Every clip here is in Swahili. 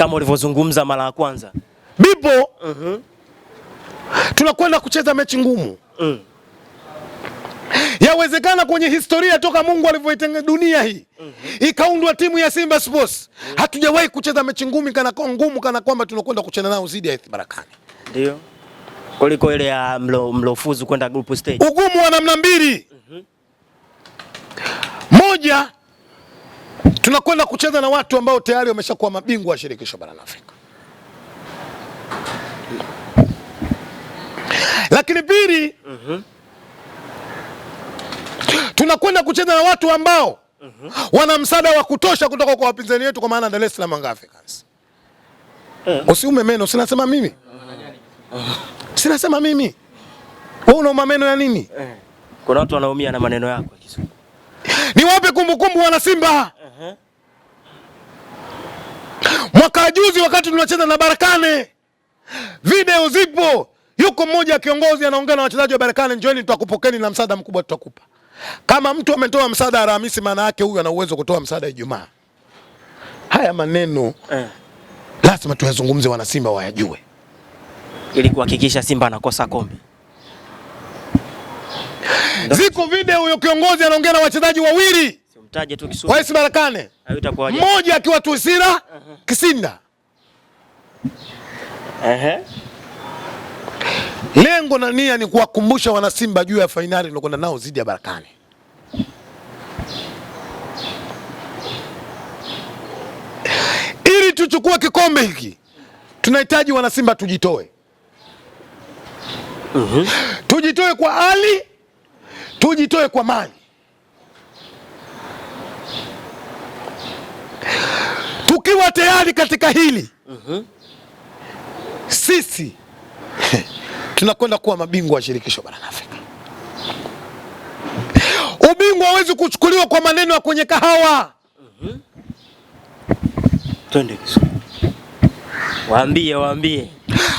kama ulivyozungumza mara ya kwanza bipo. mm -hmm. Tunakwenda kucheza mechi ngumu mm. Yawezekana kwenye historia toka Mungu alivyoitenga dunia hii mm -hmm. ikaundwa timu ya Simba Sports mm -hmm. hatujawahi kucheza mechi ngumu kana ngumu kana kwamba tunakwenda kucheza nao zidi ya Barakani, ndio kuliko ile ya mlo, mlofuzu kwenda group stage. Ugumu wa namna mbili mm -hmm. moja Tunakwenda kucheza na watu ambao tayari wameshakuwa mabingwa wa shirikisho barani Afrika. Lakini pili, tunakwenda kucheza na watu ambao wana msaada wa kutosha kutoka kwa wapinzani wetu, kwa maana Dar es Salaam Young Africans. Usiume meno, sinasema mimi sinasema mimi, wewe unauma meno ya nini? Eh, kuna watu wanaumia na maneno yako. Niwape kumbukumbu wana Simba Mwaka juzi wakati tunacheza na Barakane, video zipo, yuko mmoja kiongozi anaongea na wachezaji wa Barakane, njoeni, tutakupokeni na msaada mkubwa tutakupa. Kama mtu ametoa msaada Alhamisi, maana yake huyu ana uwezo kutoa msaada Ijumaa. Haya maneno eh, lazima tuyazungumze, wana Simba wayajue ili kuhakikisha Simba anakosa kombe. Ziko video huyo kiongozi anaongea na wachezaji wawili Mtaje tu Kwa hiyo Sibarakane. Mmoja akiwa Tusira Kisinda. Lengo na nia ni kuwakumbusha wanasimba juu ya fainali tuliokwenda nao zidi ya Barakane. Ili tuchukue kikombe hiki tunahitaji wanasimba tujitoe. Mhm. Tujitoe kwa hali, tujitoe kwa mali tukiwa tayari katika hili uh mhm. -huh. sisi tunakwenda kuwa mabingwa wa shirikisho barani Afrika. Ubingwa hawezi kuchukuliwa kwa maneno ya kwenye kahawa. Mhm. uh -huh. Waambie, waambie,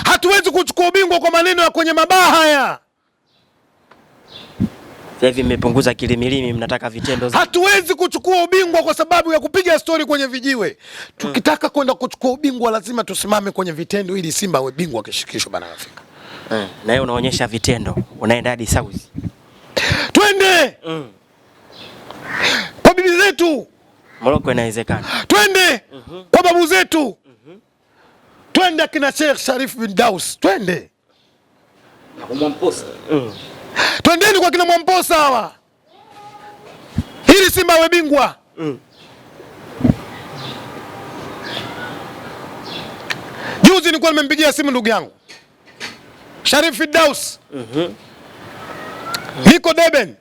hatuwezi kuchukua ubingwa kwa maneno ya kwenye mabaa haya. Sasa hivi mmepunguza kilimilimi, mnataka vitendo. Hatuwezi kuchukua ubingwa kwa sababu ya kupiga stori kwenye vijiwe. Tukitaka kwenda kuchukua ubingwa lazima tusimame kwenye vitendo ili Simba awe bingwa kishikisho bara Afrika. Mm. Na wewe unaonyesha vitendo, unaenda hadi Saudi. Twende. Mm. Kwa bibi zetu. Morocco inawezekana. Twende. Mm -hmm. Kwa babu zetu. Mm -hmm. Twende akina Sheikh Sharif bin Daus. Twende. Mm. Twende kwa kina Mwamposa hawa. Hili Simba awe bingwa mm. Juzi nilikuwa nimempigia simu ndugu yangu Sharif Fidaus mm -hmm. niko Deben,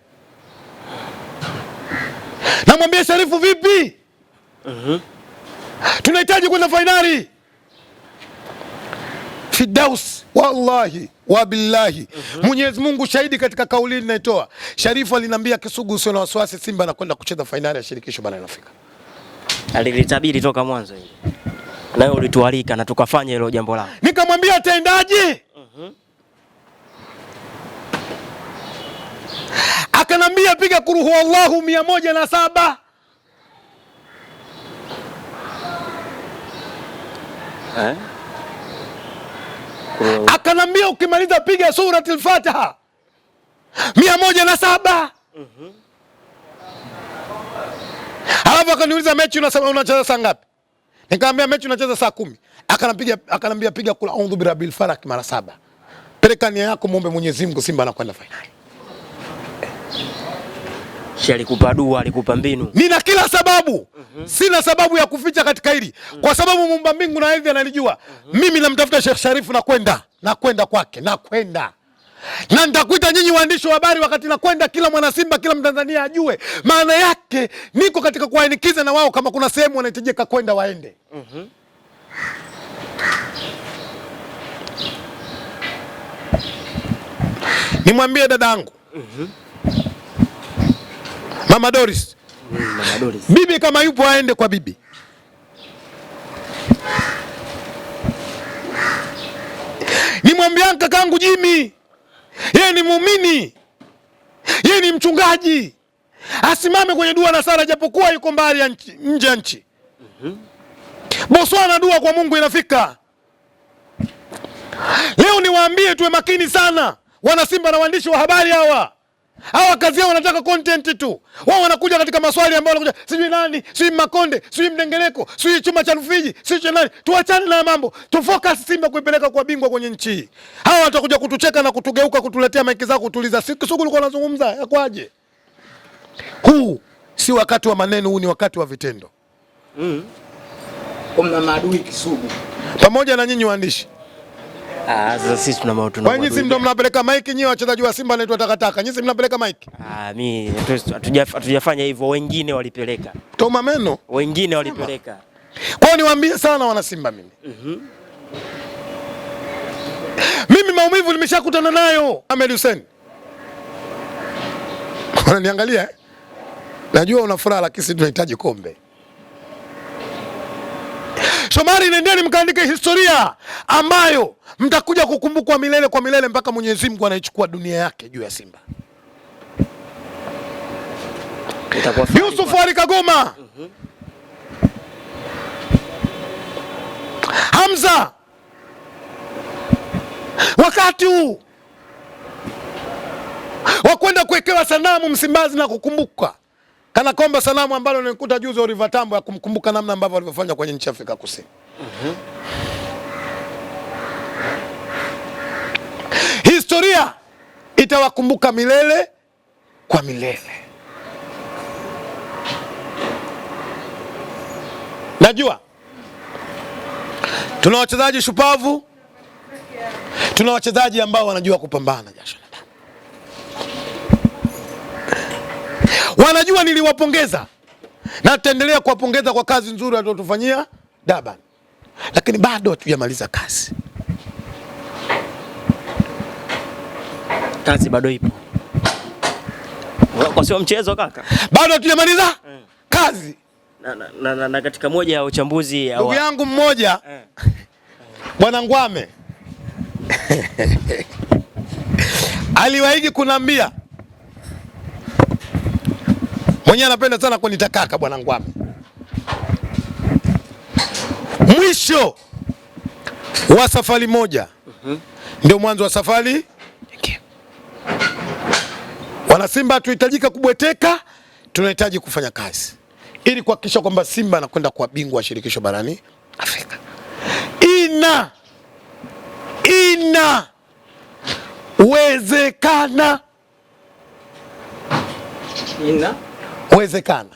namwambia Sharifu, vipi? mm -hmm. tunahitaji kwenda fainali. Fidaus Wallahi wabillahi, mm -hmm. Mwenyezi Mungu shahidi katika kauli ninayotoa, Sharifu aliniambia Kisugu, usio na wasiwasi, Simba anakwenda kucheza fainali ya shirikisho barani Afrika. Alilitabiri toka mwanzo na Nawe ulitualika na tukafanya hilo jambo lao, Nikamwambia ataendaje? mm -hmm. Akanambia piga kuruhu huwallahu mia moja na saba. Eh? akanambia ukimaliza piga surati al mia moja na saba. Mhm. Alafu akaniuliza mechi unacheza saa ngapi? nikaambia mechi unacheza saa kumi. akanambia piga kula audhu birabbil falaq mara saba, pereka nia yako, muombe Mwenyezi Mungu, Simba anakwenda fainali. Si alikupa dua, alikupa mbinu. Nina kila sababu. Mm -hmm. Sina sababu ya kuficha katika hili. Mm -hmm. Kwa sababu Muumba mbingu na ardhi analijua. Mm -hmm. Mimi namtafuta Sheikh Sharifu na kwenda, na kwenda kwake, na kwenda. Na nitakuita nyinyi waandishi wa habari wakati na kwenda, kila mwana Simba, kila Mtanzania ajue. Maana yake niko katika kuwainikiza na wao kama kuna sehemu wanahitajika kwenda waende. Mm -hmm. Nimwambie dadangu. Mm -hmm. Mama Doris. Mama Doris. Bibi kama yupo aende kwa bibi. Nimwambia kakangu Jimmy, yeye ni muumini, yeye ni mchungaji, asimame kwenye dua na sala, japokuwa yuko mbali nje ya nchi. mm Botswana dua kwa Mungu inafika. Leo niwaambie tuwe makini sana, wana Simba na waandishi wa habari hawa Hawa kazi yao wanataka content tu. Wao wanakuja katika maswali ambayo wanakuja sijui nani, sijui Makonde, sijui Mdengeleko, sijui chuma cha Rufiji, sijui cha nani. Tuachane na mambo. Tufocus Simba kuipeleka kwa bingwa kwenye nchi hii. Hawa watakuja kutucheka na kutugeuka kutuletea maiki zao kutuliza. Siku Sikusugu ulikuwa unazungumza yakwaje? Huu si wakati wa maneno, huu ni wakati wa vitendo. Mm. Kuna maadui Kisugu. Pamoja na nyinyi waandishi. Ah, sasa sisi tuna maoto. Kwa nini ndio mnapeleka mic nyewe wachezaji wa Simba anaitwa takataka. Nyinyi mnapeleka mic? Ah, mimi hatujafanya hivyo, wengine walipeleka. Toma meno. Wengine walipeleka. Kwa hiyo niwaambie sana wana Simba mimi. Mhm. mimi maumivu nimeshakutana nayo. Ahmed Hussein. Unaniangalia eh? Najua una furaha lakini tunahitaji kombe. Somali, nendeni mkaandike historia ambayo mtakuja kukumbukwa milele kwa milele mpaka Mwenyezi Mungu anaichukua dunia yake juu ya Simba. Yusufu Ali Kagoma, Hamza, wakati huu wa kwenda kuwekewa sanamu Msimbazi na kukumbuka Kana kwamba salamu ambalo nilikuta juzi Oliver Tambo ya kumkumbuka namna ambavyo alivyofanya kwenye nchi ya Afrika Kusini. Mm -hmm. Historia itawakumbuka milele kwa milele. Najua tuna wachezaji shupavu, tuna wachezaji ambao wanajua kupambana jasho wanajua niliwapongeza na tutaendelea kuwapongeza kwa kazi nzuri waliotufanyia Durban, lakini bado hatujamaliza kazi. Kazi bado ipo kwa sio mchezo kaka, bado hatujamaliza eh, kazi na, na, na, na, katika moja ya uchambuzi ndugu wa... yangu mmoja eh, bwana Ngwame aliwaigi kunambia mwenyewe anapenda sana kuniita kaka, bwana wangu. Mwisho wa safari moja mhm. Ndio mwanzo wa safari Wanasimba hatuhitajika kubweteka, tunahitaji kufanya kazi ili kuhakikisha kwamba Simba anakwenda kuwa bingwa wa shirikisho barani Afrika. Ina inawezekana, ina kuwezekana.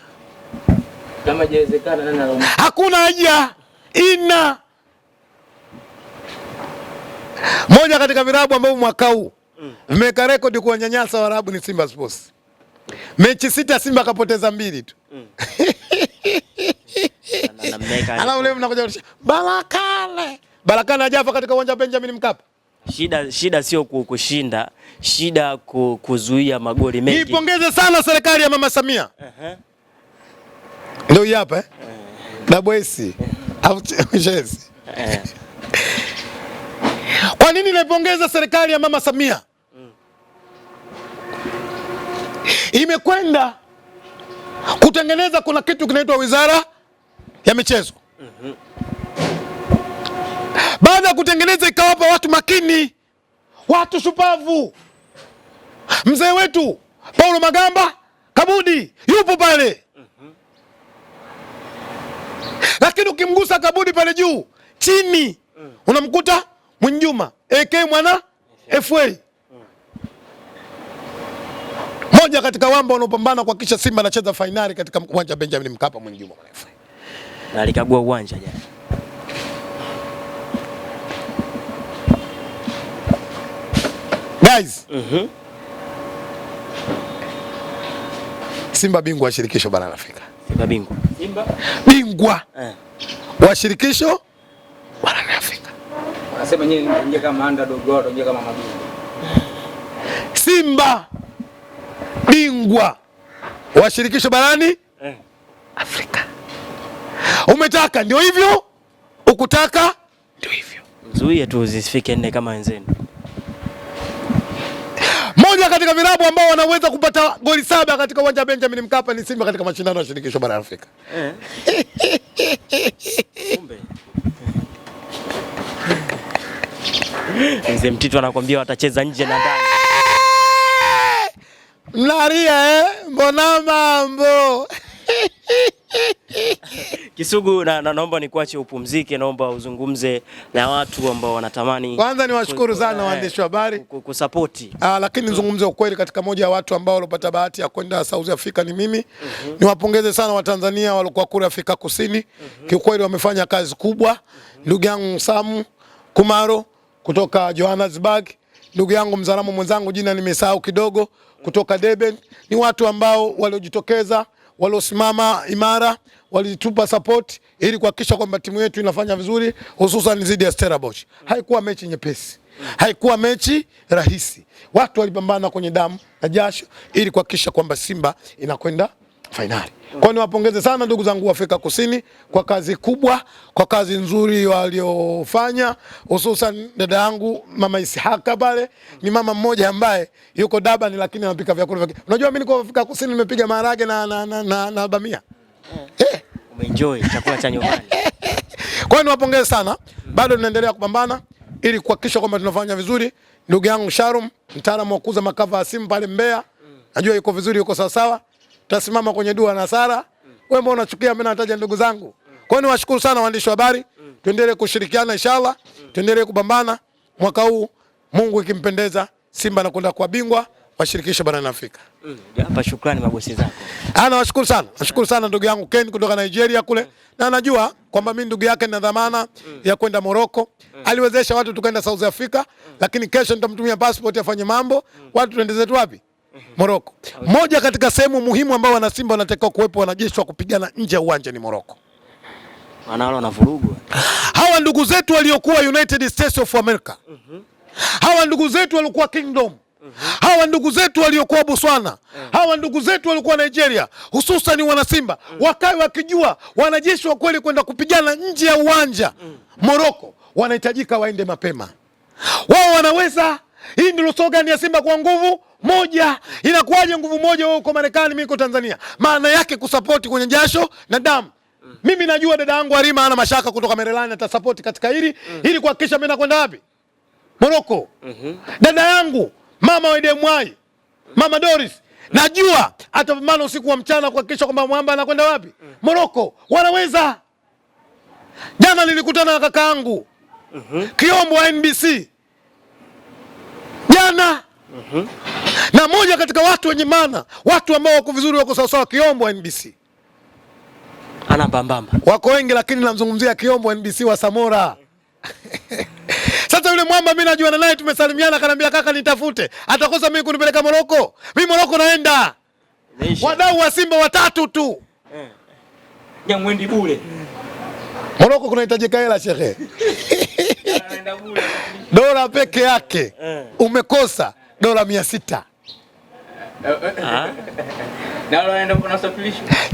Kama jawezekana, nani alaumu? Hakuna haja ina moja katika virabu ambavyo mwaka huu vimeweka mm. rekodi kuwanyanyasa warabu ni Simba Sports. Mechi sita Simba kapoteza mbili tu mm. Barakale Barakale ajafa katika uwanja wa Benjamin Mkapa. Shida, shida sio kushinda, shida kuzuia magoli mengi. Nipongeze sana serikali ya Mama Samia. Uh-huh. Ndio hapa eh? Uh-huh. Kwa nini naipongeza serikali ya Mama Samia? Mm. Imekwenda kutengeneza kuna kitu kinaitwa Wizara ya Michezo. Baada ya kutengeneza ikawapa watu makini, watu shupavu. Mzee wetu Paulo Magamba Kabudi yupo pale, lakini ukimgusa Kabudi pale juu chini unamkuta Mwinjuma AK mwana FA moja katika wamba wanaopambana kuhakikisha Simba anacheza fainali katika uwanja wa Benjamin Mkapa. Mwinjuma mwana FA na alikagua uwanja jana Guys. Mm -hmm. Simba bingwa wa shirikisho barani Afrika. Simba bingwa. Simba bingwa eh, wa shirikisho barani Afrika. Wanasema nyinyi ndio kama underdog, wao ndio kama mabingwa. Simba bingwa wa shirikisho barani eh, Afrika. Umetaka ndio hivyo, ukutaka ndio hivyo. Mzuie tu zisifike nne kama wenzenu. Moja katika virabu ambao wanaweza kupata goli saba katika uwanja wa Benjamin Mkapa ni Simba katika mashindano ya shirikisho bara Afrika. Eh. Mzee Mtitu anakuambia watacheza nje na ndani. Mlaria eh? Mbona mambo? Kisugu na, na, naomba nikuache upumzike, naomba uzungumze na watu ambao wanatamani. Kwanza niwashukuru sana eh, waandishi wa habari kusapoti, ah, lakini nizungumze ukweli, katika moja ya watu ambao walopata bahati ya kwenda South Africa ni mimi. mm -hmm. Niwapongeze sana Watanzania waliokuwa kule Afrika Kusini. mm -hmm. Kiukweli wamefanya kazi kubwa. mm -hmm. Ndugu yangu Samu Kumaro kutoka Johannesburg, ndugu yangu mzalamu mwenzangu, jina nimesahau kidogo, kutoka Durban, ni watu ambao waliojitokeza waliosimama imara, walitupa support ili kuhakikisha kwamba timu yetu inafanya vizuri, hususan zidi ya Stellenbosch. Haikuwa mechi nyepesi, haikuwa mechi rahisi. Watu walipambana kwenye damu na jasho ili kuhakikisha kwamba Simba inakwenda fainali. Kwa niwapongeze sana ndugu zangu Afrika Kusini kwa kazi kubwa, kwa kazi nzuri waliofanya, hususan dada yangu mama Ishaka pale. Ni mama mmoja ambaye yuko Durban, lakini anapika vyakula vyake. Unajua mimi niko Afrika Kusini nimepiga maharage na, na, na, na, na bamia yeah. Hey. Umeenjoy chakula cha nyumbani. Kwa hiyo niwapongeze sana, bado tunaendelea kupambana ili kuhakikisha kwamba tunafanya vizuri. Ndugu yangu Sharum, mtaalamu wa kuuza makava ya simu pale Mbeya, najua yuko vizuri, yuko sawasawa tutasimama kwenye dua na sala. Wewe mbona unachukia? Mimi nataja ndugu zangu. Kwa hiyo niwashukuru sana waandishi wa habari, tuendelee kushirikiana inshallah, tuendelee kupambana mwaka huu, Mungu ikimpendeza, Simba nakwenda kuwa bingwa washirikisho barani Afrika. Hapa mm, shukrani mabosi zako. Ah, washukuru sana. Nashukuru sana ndugu yangu Ken kutoka Nigeria kule. Mm. Na anajua kwamba mimi ndugu yake nina dhamana mm, ya kwenda Morocco. Mm. Aliwezesha watu tukaenda South Africa, mm, lakini kesho nitamtumia passport afanye mambo. Mm. Watu tuendeze tu wapi? Moroko. Moja katika sehemu muhimu ambao wanasimba wanatakiwa kuwepo wanajeshi wa kupigana nje ya uwanja ni Moroko. Hawa ndugu zetu waliokuwa United States of America, hawa ndugu zetu waliokuwa Kingdom hawa ndugu zetu waliokuwa Botswana, hawa ndugu zetu waliokuwa Nigeria, hususan wanasimba wakawe wakijua wanajeshi wa kweli kwenda kupigana nje ya uwanja Moroko wanahitajika waende mapema, wao wanaweza hii ndilo slogan ya Simba kwa nguvu moja. Inakuwaje nguvu moja, wewe uko Marekani, mimi niko Tanzania? Maana yake kusapoti kwenye jasho na damu. Mm. Mimi najua dada yangu Arima ana mashaka kutoka Maryland atasapoti katika hili mm. ili kuhakikisha mimi nakwenda wapi? Moroko. Mm -hmm. Dada yangu mama wa Demwai, mm. Mama Doris mm. najua atapambana usiku wa mchana kuhakikisha kwamba Mwamba anakwenda wapi? Mm. Wanaweza. Jana nilikutana na kakaangu. Mm -hmm. Kiombo NBC vijana mm -hmm. na moja katika watu wenye maana, watu ambao wako vizuri, wako sawasawa. Kiombo NBC anapambamba, wako wengi, lakini namzungumzia Kiombo NBC wa Samora Sasa yule mwamba mi najuana naye, tumesalimiana, kanaambia kaka, nitafute. Atakosa mimi kunipeleka Moroko? Mimi Moroko naenda, wadau wa Simba watatu tu eh. Nyamwendi bure Moroko kunahitajika hela shehe. dola peke yake eh. umekosa dola mia sita. Eh, eh, ah.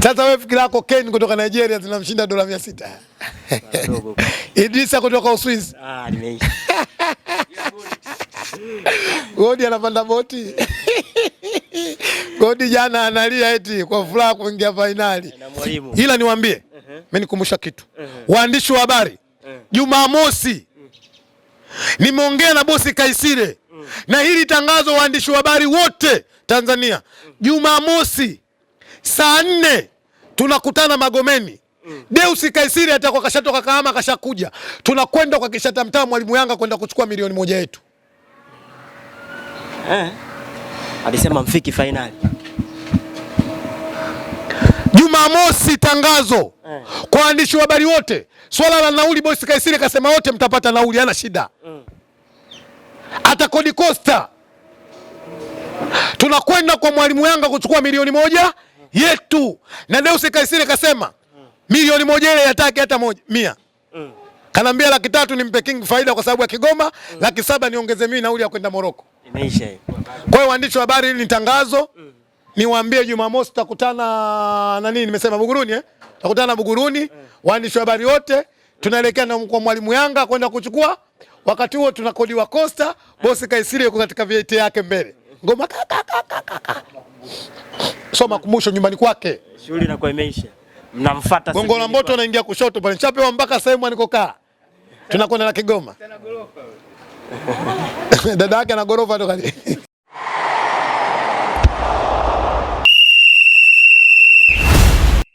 Sasa wewe fikira yako Ken kutoka Nigeria zinamshinda dola mia sita. Idrisa kutoka Uswisi ah, Godi anapanda boti. Godi jana analia eti kwa furaha kuingia fainali, ila niwaambie, mimi nikumbusha kitu, waandishi wa habari, Jumamosi Nimeongea na bosi Kaisire mm. na hili tangazo, waandishi wa habari wote Tanzania mm. Jumamosi saa nne tunakutana Magomeni mm. Deus Kaisire atakuwa kashatoka Kahama, kashakuja, tunakwenda kwa mtaa Mwalimu Yanga kwenda kuchukua milioni moja yetu eh. Alisema mfiki fainali Jumamosi, tangazo eh, kwa waandishi wa habari wote. Swala la nauli, bosi Kaisiri kasema wote mtapata nauli, hana shida mm atakodi kosta. tunakwenda kwa mwalimu Yanga kuchukua milioni moja yetu, na Deus Kaisiri kasema milioni moja ile yataki hata moja mia kanaambia laki tatu nimpe King faida kwa sababu ya Kigoma, laki saba niongeze mimi nauli ya kwenda Moroko. Kwa hiyo waandishi wa habari, hili ni tangazo, niwaambie Jumamosi tutakutana na nini, nimesema Buguruni eh? Tutakutana Buguruni, waandishi wa habari wote tunaelekea na kwa mwalimu Yanga kwenda kuchukua Wakati huo tunakodiwa kosta bosi Kaisiri yuko katika vieti yake mbele, ngoma soma kumusho nyumbani kwake, shughuli inakuwa imeisha. Mnamfuata Gongo la Mboto, anaingia kushoto pale, nishapewa mpaka sehemu anikokaa, tunakwenda na Kigoma. Dada yake ana gorofa